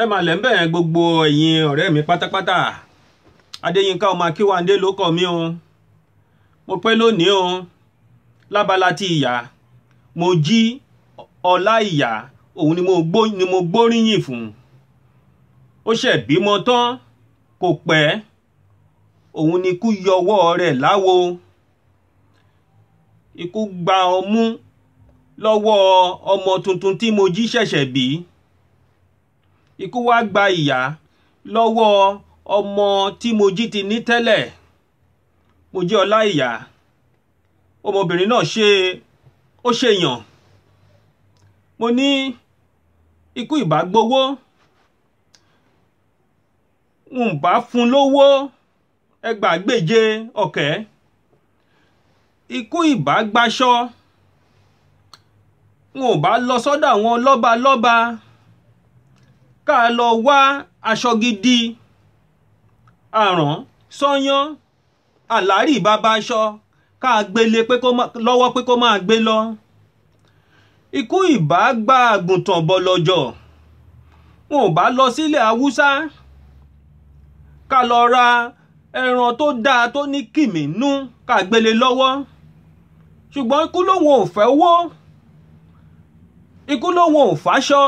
ẹ mà lẹ́ ń bẹ̀rẹ̀ gbogbo ẹ̀yin ọ̀rẹ́ mi pátápátá adéyínká ọmọ akíwáńdé ló kọ́ mi o mo pẹ́ lónìí o lábala ti ìyá mo jí ọlá ìyá òun ni mo gbóríyìn fún ó ṣe bímọ tán kò pẹ́ òun ni kú yọwọ́ rẹ̀ láwo ikú gba ọmú lọ́wọ́ ọmọ tuntun tí mo jí ṣẹ̀ṣẹ̀ bí ikú wá gba ìyá lọ́wọ́ ọmọ tí Mojí ti ní tẹ́lẹ̀ Mojí Ọláìyá ọmọbìnrin náà ṣe ó ṣèyàn mo ní ikú ìbá gbowó n bá fún lówó ẹgbàágbèje ọ̀kẹ́ ikú ìbá gbaṣọ n ò bá lọ sọ́dọ̀ àwọn lọ́balọ́ba. Lọ́ba, ká lọ wá aṣọ gidi àràn sọyán àlárì bàbá aṣọ ká gbélé pé kó lọ́wọ́ pé kó máa gbé lọ ikú ìbá gba àgùntàn bọ́ lọ́jọ́ wọn ò bá lọ sílẹ̀ haúsá ká lọ ra ẹran tó dáa tó ní kìmí ká gbélé lọ́wọ́ ṣùgbọ́n ikú lòun ò fẹ́ wó ikú lòun ò fáṣọ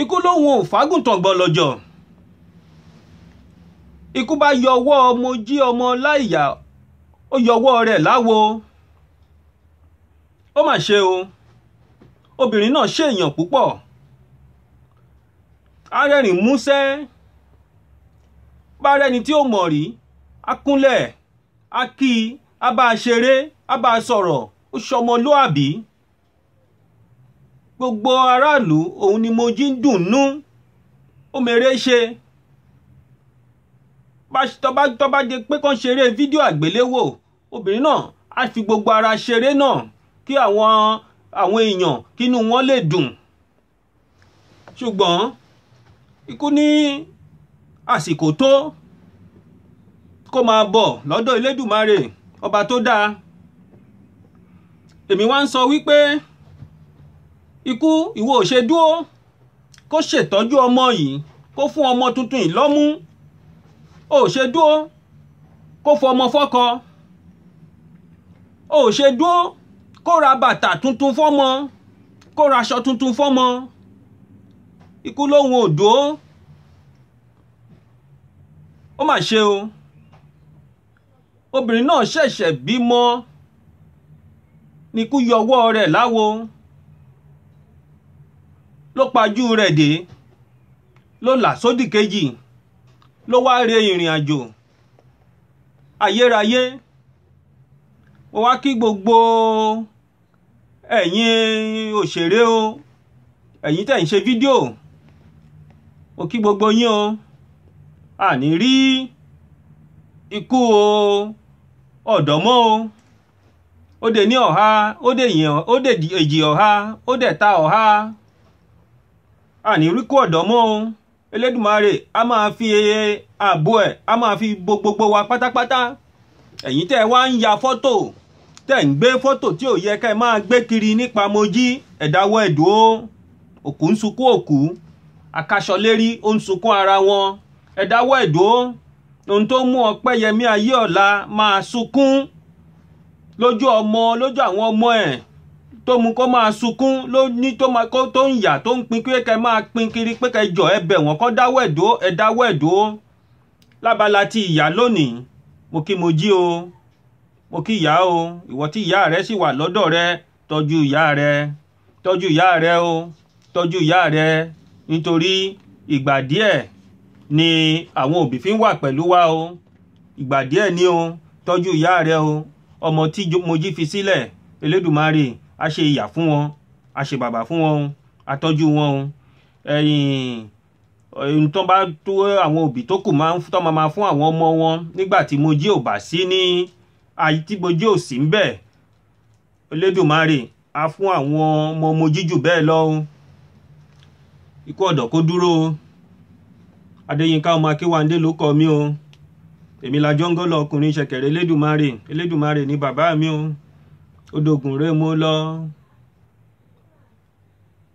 ikú lòun ò fágùntàn gbọ́ lọ́jọ́ ikú bá yọ ọwọ́ ọmọ jí ọmọ láìyá ó yọ rẹ̀ láwo ó mà ṣe o obìnrin náà ṣèèyàn púpọ̀ arẹ́rìn músẹ́ bá rẹni tí ó mọ̀ rí akúnlẹ̀ akí abá ṣeré abá sọ̀rọ̀ ó ṣọmọlúàbí gbogbo aráàlú òun ni mo jí ń dùnnú ó mèrè ṣe tọ́ba tọ́ba de pé kán ṣeré fídíò àgbéléwò obìnrin náà á fi gbogbo ara ṣeré náà kí àwọn àwọn èèyàn kínú wọn lè dùn ṣùgbọ́n ikú ní àsìkò tó kó máa bọ̀ lọ́dọ̀ Elédùmarè ọba tó dáa èmi wá ń sọ wípé ikú ìwọ ò ṣe dúró kó ṣètọ́jú ọmọ yìí kó fún ọmọ tuntun yìí lọ́mú ò ṣe dúró kó fọmọ fọ́kọ ò ṣe dúró kó ra bàtà tuntun fọ́mọ kó ra aṣọ tuntun fọ́mọ ikú lóhun ò ó mà ṣe o obìnrin náà ṣẹ̀ṣẹ̀ bímọ nikú yọwọ́ rẹ̀ láwo ló pajú rẹ̀ dé ló là sódì kejì ló wá re ìrìn àjò ayérayé mo wá kí gbogbo ẹ̀yin òṣèré o ẹ̀yin tẹ̀ ń ṣe fídíò mo kí gbogbo yín o àní rí ikú o ọ̀dọ́mọ́ o ó dè ní ọ̀há ó dè èjì ọ̀há ó dè ta ọ̀há àní ríkú ọ̀dọ́ mọ́ o Elédùmarè a máa fi ààbò ẹ̀ a máa fi bo gbogbo wa pátápátá ẹ̀yin tẹ́ ẹ wá ń ya fọ́tò tẹ́ ń gbé fọ́tò tí ò yẹ ká ẹ máa gbé kiri nípa mojí ẹ̀dáwọ́ ẹ̀dùn ó òkú ń sunkún òkú akaṣọlérí ó ń sunkún ara wọn ẹ̀dáwọ́ ẹ̀dùn ó ohun tó mú Ọpẹ́yẹmí ayé ọ̀la máa sunkún lójú ọmọ lójú àwọn ọmọ ẹ̀ tó mú kó máa sunkún ló ní tó máa kó tó ń yà tó ń pin pé kẹ máa pin kiri pé kẹ jọ ẹ bẹ̀ wọ́n kọ́ dáwọ́ ẹ̀dó ẹ dáwọ́ ẹ̀dó lábala ti ìyá lónìí mo kí mo jí o mo kí ìyá o ìwọ tí ìyá rẹ sì wà lọ́dọ̀ rẹ tọ́jú ìyá rẹ tọ́jú ìyá rẹ o tọ́jú ìyá rẹ nítorí ìgbà díẹ̀ ni àwọn òbí fi ń wà pẹ̀lú wa o ìgbà díẹ̀ ni o tọ́jú ìyá rẹ o ọmọ tí mo jí fi sílẹ̀ Elédùmarè a ṣe ìyà fún wọn a ṣe bàbà fún wọn a tọ́jú wọn ẹ̀yìn ohun tó bá tó àwọn òbí tó kù máa ń tọ́ máa fún àwọn ọmọ wọn nígbà tí mo ò bá sí ní àyè tí mo ò sí ń bẹ̀ Olódùmarè a fún àwọn ọmọ mo jíjù bẹ́ẹ̀ lọ ikú ọ̀dọ̀ kó dúró Adéyínká ọmọ Akéwàndé ló kọ mí o èmi lajọ́ ń gọ́ lọ ọkùnrin ṣẹ̀kẹ̀rẹ̀ Elédùmarè Elédùmarè ni bàbá mi o odògùn rè mo lọ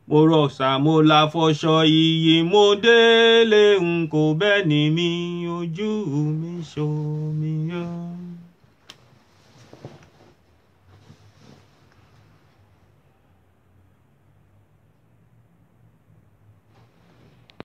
mo rọ̀ṣà mo la fọṣọ iyì mo délé n kò bẹ́ni mi ojú mi ṣomi yọ.